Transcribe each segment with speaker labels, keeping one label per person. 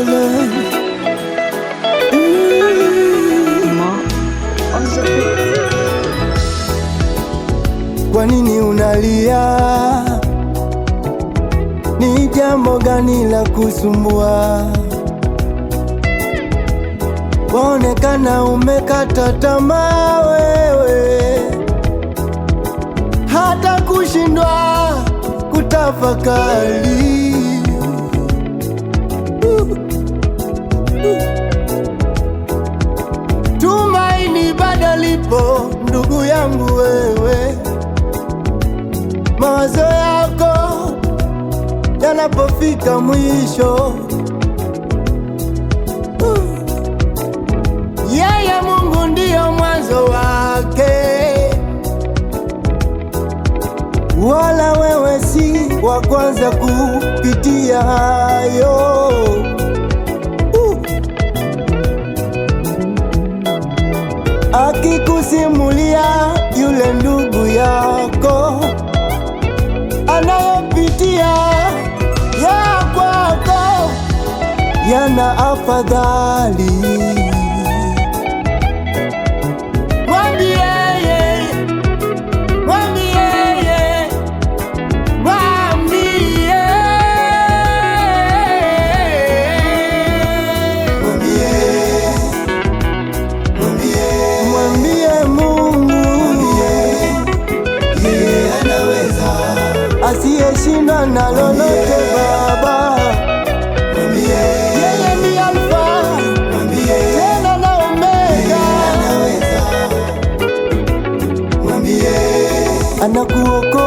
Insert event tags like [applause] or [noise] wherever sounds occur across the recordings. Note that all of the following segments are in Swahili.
Speaker 1: Mm.
Speaker 2: Kwa nini unalia? Ni jambo gani la kusumbua? Waonekana umekata tamaa wewe, hata kushindwa kutafakari ndugu yangu wewe, mawazo yako yanapofika mwisho, uh. yeye Mungu ndiyo mwanzo wake, wala wewe si wa kwanza kupitia hayo. Angalia yule ndugu yako anayopitia ya kwako yana afadhali asiyeshindwa na lolote Baba, yeye ni na Omega,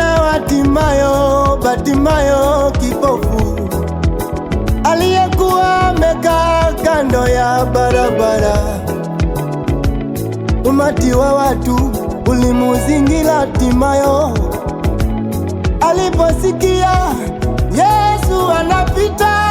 Speaker 2: mwana wa Timayo, Batimayo kipofu aliyekuwa amekaa kando ya barabara. Umati wa watu ulimuzingila Timayo. Aliposikia Yesu anapita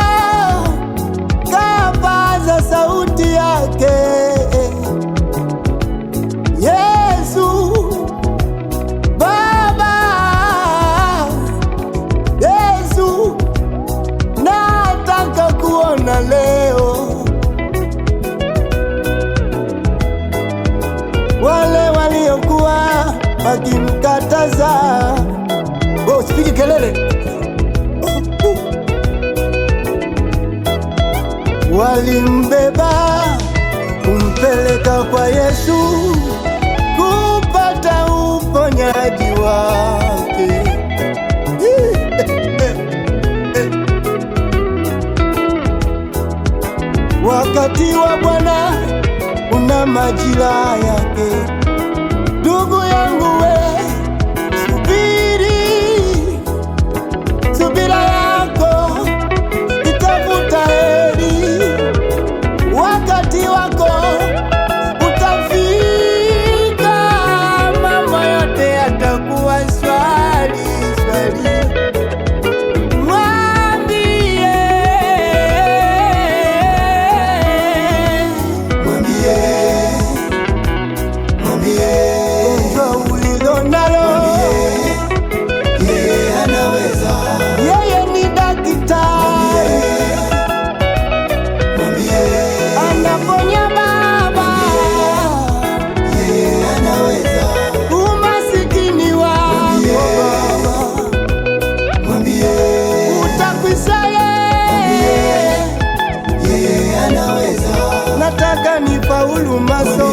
Speaker 2: walimbeba kumpeleka kwa Yesu kupata uponyaji wake. [laughs] Wakati wa Bwana una majira yake. atakanipa ulumaso